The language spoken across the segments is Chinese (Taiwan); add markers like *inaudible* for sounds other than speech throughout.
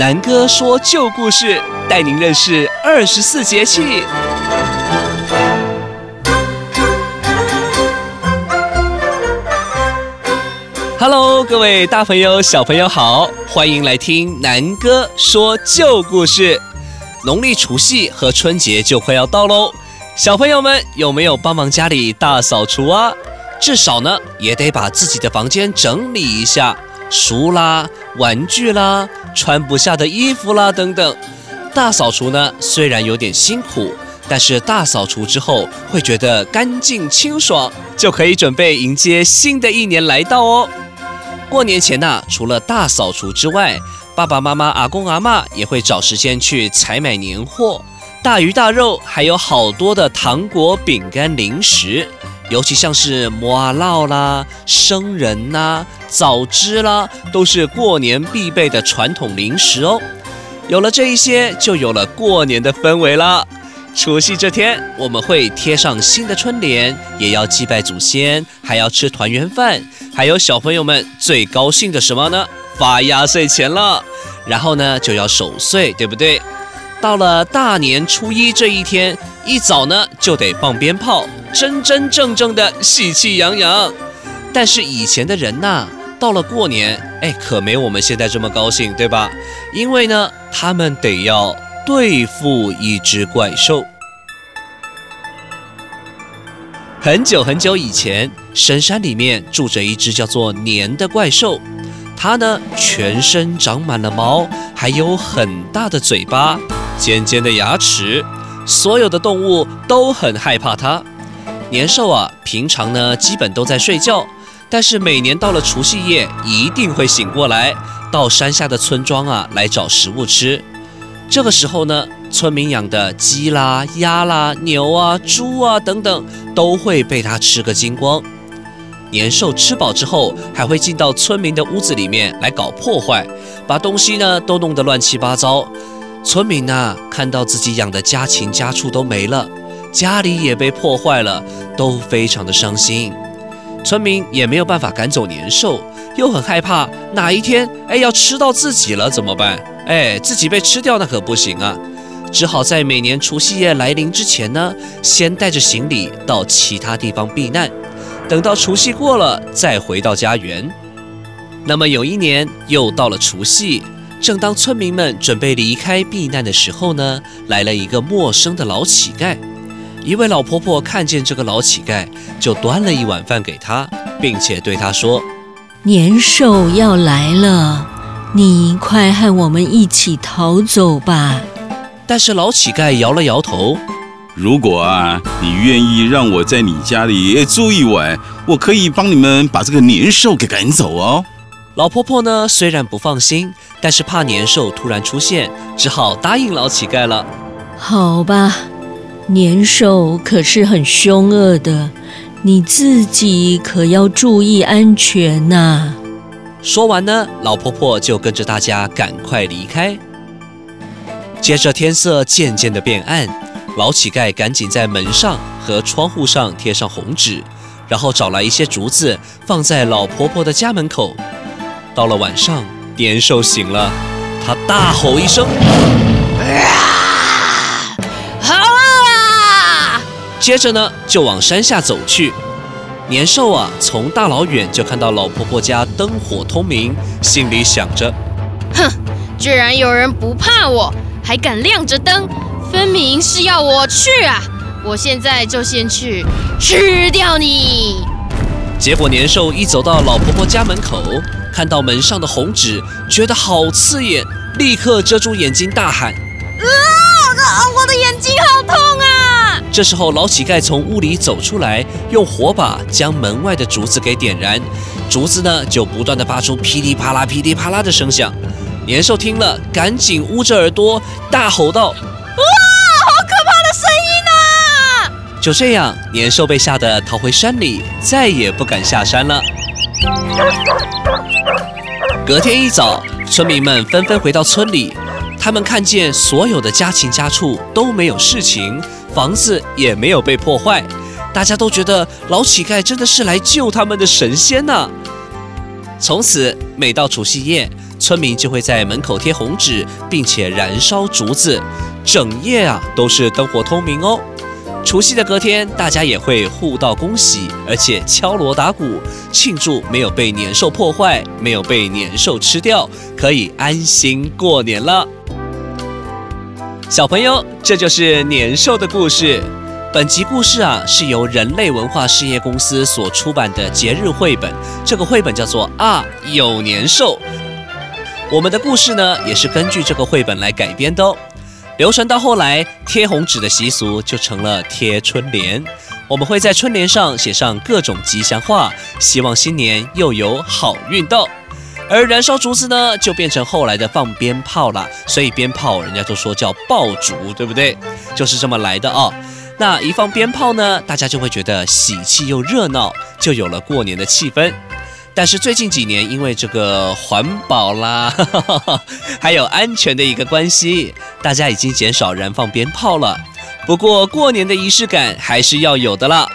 南哥說舊故事，帶您認識二十四節氣。Hello，各位大朋友、小朋友好，歡迎來聽南哥說舊故事。農曆除夕和春節就快要到嘍，小朋友們有沒有幫忙家裡大掃除啊？至少呢，也得把自己的房間整理一下。書啦，玩具啦，穿不下的衣服啦，等等。大掃除呢，雖然有點辛苦，但是大掃除之後會覺得乾淨清爽，就可以準備迎接新的一年來到哦。過年前呢、啊，除了大掃除之外，爸爸媽媽、阿公阿嬤也會找時間去採買年貨，大魚大肉，還有好多的糖果、餅乾、零食。尤其像是麻荖啦、生仁啦、棗枝啦，都是過年必備的傳統零食哦。有了這一些，就有了過年的氛圍了。除夕這天，我們會貼上新的春聯，也要祭拜祖先，還要吃團圓飯。還有小朋友們最高興的什麼呢？發壓歲錢了。然後呢，就要守歲，對不對？到了大年初一這一天，一早呢就得放鞭炮。真真正正的喜氣洋洋，但是以前的人吶、啊，到了過年，哎，可沒我們現在這麼高興，對吧？因為呢，他們得要對付一隻怪獸。很久很久以前，深山裡面住着一隻叫做年的怪獸，它呢，全身長滿了毛，還有很大的嘴巴，尖尖的牙齒，所有的動物都很害怕它。年獸啊，平常呢，基本都在睡覺，但是每年到了除夕夜，一定會醒過來，到山下的村莊啊來找食物吃。這個時候呢，村民養的雞啦、鴨啦、牛啊、豬啊等等，都會被它吃個精光。年獸吃飽之後，還會進到村民的屋子裡面來搞破壞，把東西呢都弄得亂七八糟。村民吶，看到自己養的家禽家畜都沒了。家裡也被破壞了，都非常的傷心。村民也沒有辦法趕走年獸，又很害怕哪一天誒、哎、要吃到自己了怎麼辦？誒、哎，自己被吃掉那可不行啊！只好在每年除夕夜來臨之前呢，先帶着行李到其他地方避難，等到除夕過了再回到家園。那麼有一年又到了除夕，正當村民們準備離開避難的時候呢，來了一個陌生的老乞丐。一位老婆婆看見這個老乞丐，就端了一碗飯給他，並且對他說：“年獸要來了，你快和我們一起逃走吧。”但是老乞丐搖了搖頭：“如果啊，你願意讓我在你家裡住一晚，我可以幫你們把這個年獸給趕走哦。”老婆婆呢，雖然不放心，但是怕年獸突然出現，只好答應老乞丐了。好吧。年獸可是很凶惡的，你自己可要注意安全吶、啊！說完呢，老婆婆就跟着大家趕快離開。接着天色漸漸的變暗，老乞丐趕緊在門上和窗戶上貼上紅紙，然後找來一些竹子放在老婆婆的家門口。到了晚上，年獸醒了，他大吼一聲。哎接着呢，就往山下走去。年獸啊，從大老遠就看到老婆婆家燈火通明，心裡想着：哼，居然有人不怕我，還敢亮着燈，分明是要我去啊！我現在就先去吃掉你。結果年獸一走到老婆婆家門口，看到門上的紅紙，覺得好刺眼，立刻遮住眼睛，大喊：啊！我的眼睛好痛啊！這時候，老乞丐從屋裡走出來，用火把將門外的竹子給點燃，竹子呢就不斷的發出噼里啪啦、噼里啪啦的聲響。年獸聽了，趕緊捂着耳朵，大吼道：“哇，好可怕的聲音啊！”就這樣，年獸被嚇得逃回山裡，再也不敢下山了。隔天一早，村民們紛紛回到村裡。他們看見所有的家禽家畜都沒有事情，房子也沒有被破壞，大家都覺得老乞丐真的是來救他們的神仙呢。從此，每到除夕夜，村民就會在門口貼紅紙，並且燃燒竹子，整夜啊都是燈火通明哦。除夕的隔天，大家也會互道恭喜，而且敲鑼打鼓慶祝沒有被年獸破壞，沒有被年獸吃掉，可以安心過年了。小朋友，這就是年獸的故事。本集故事啊，是由人類文化事業公司所出版的節日繪本。這個繪本叫做《啊有年獸》。我們的故事呢，也是根據這個繪本來改編的哦。流傳到後來，貼紅紙的習俗就成了貼春聯。我們會在春聯上寫上各種吉祥話，希望新年又有好運到。而燃燒竹子呢，就變成後來的放鞭炮了，所以鞭炮人家都說叫爆竹，對不對？就是這麼來的哦。那一放鞭炮呢，大家就會覺得喜氣又熱鬧，就有了過年的氣氛。但是最近幾年，因為這個環保啦哈哈哈哈，還有安全的一個關係，大家已經減少燃放鞭炮了。不過過年的儀式感還是要有的了，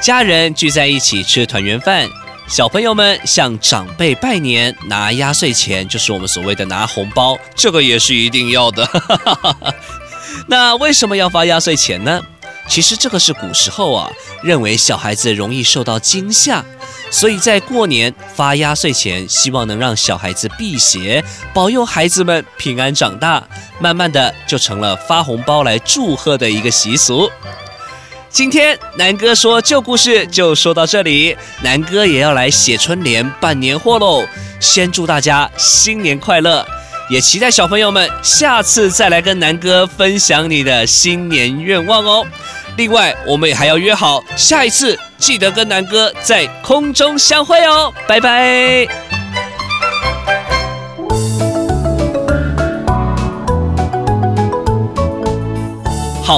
家人聚在一起吃團圓飯。小朋友們向長輩拜年，拿壓歲錢，就是我們所謂的拿紅包，這個也是一定要的。 *laughs* 那為什麼要發壓歲錢呢？其實這個是古時候啊，認為小孩子容易受到驚嚇，所以在過年發壓歲錢，希望能讓小孩子辟邪，保佑孩子們平安長大。慢慢的就成了發紅包來祝賀的一個習俗。今天南哥說舊故事就說到這裡，南哥也要來寫春聯辦年貨嘍。先祝大家新年快樂，也期待小朋友們下次再來跟南哥分享你的新年願望哦。另外，我們也還要約好下一次，記得跟南哥在空中相會哦。拜拜。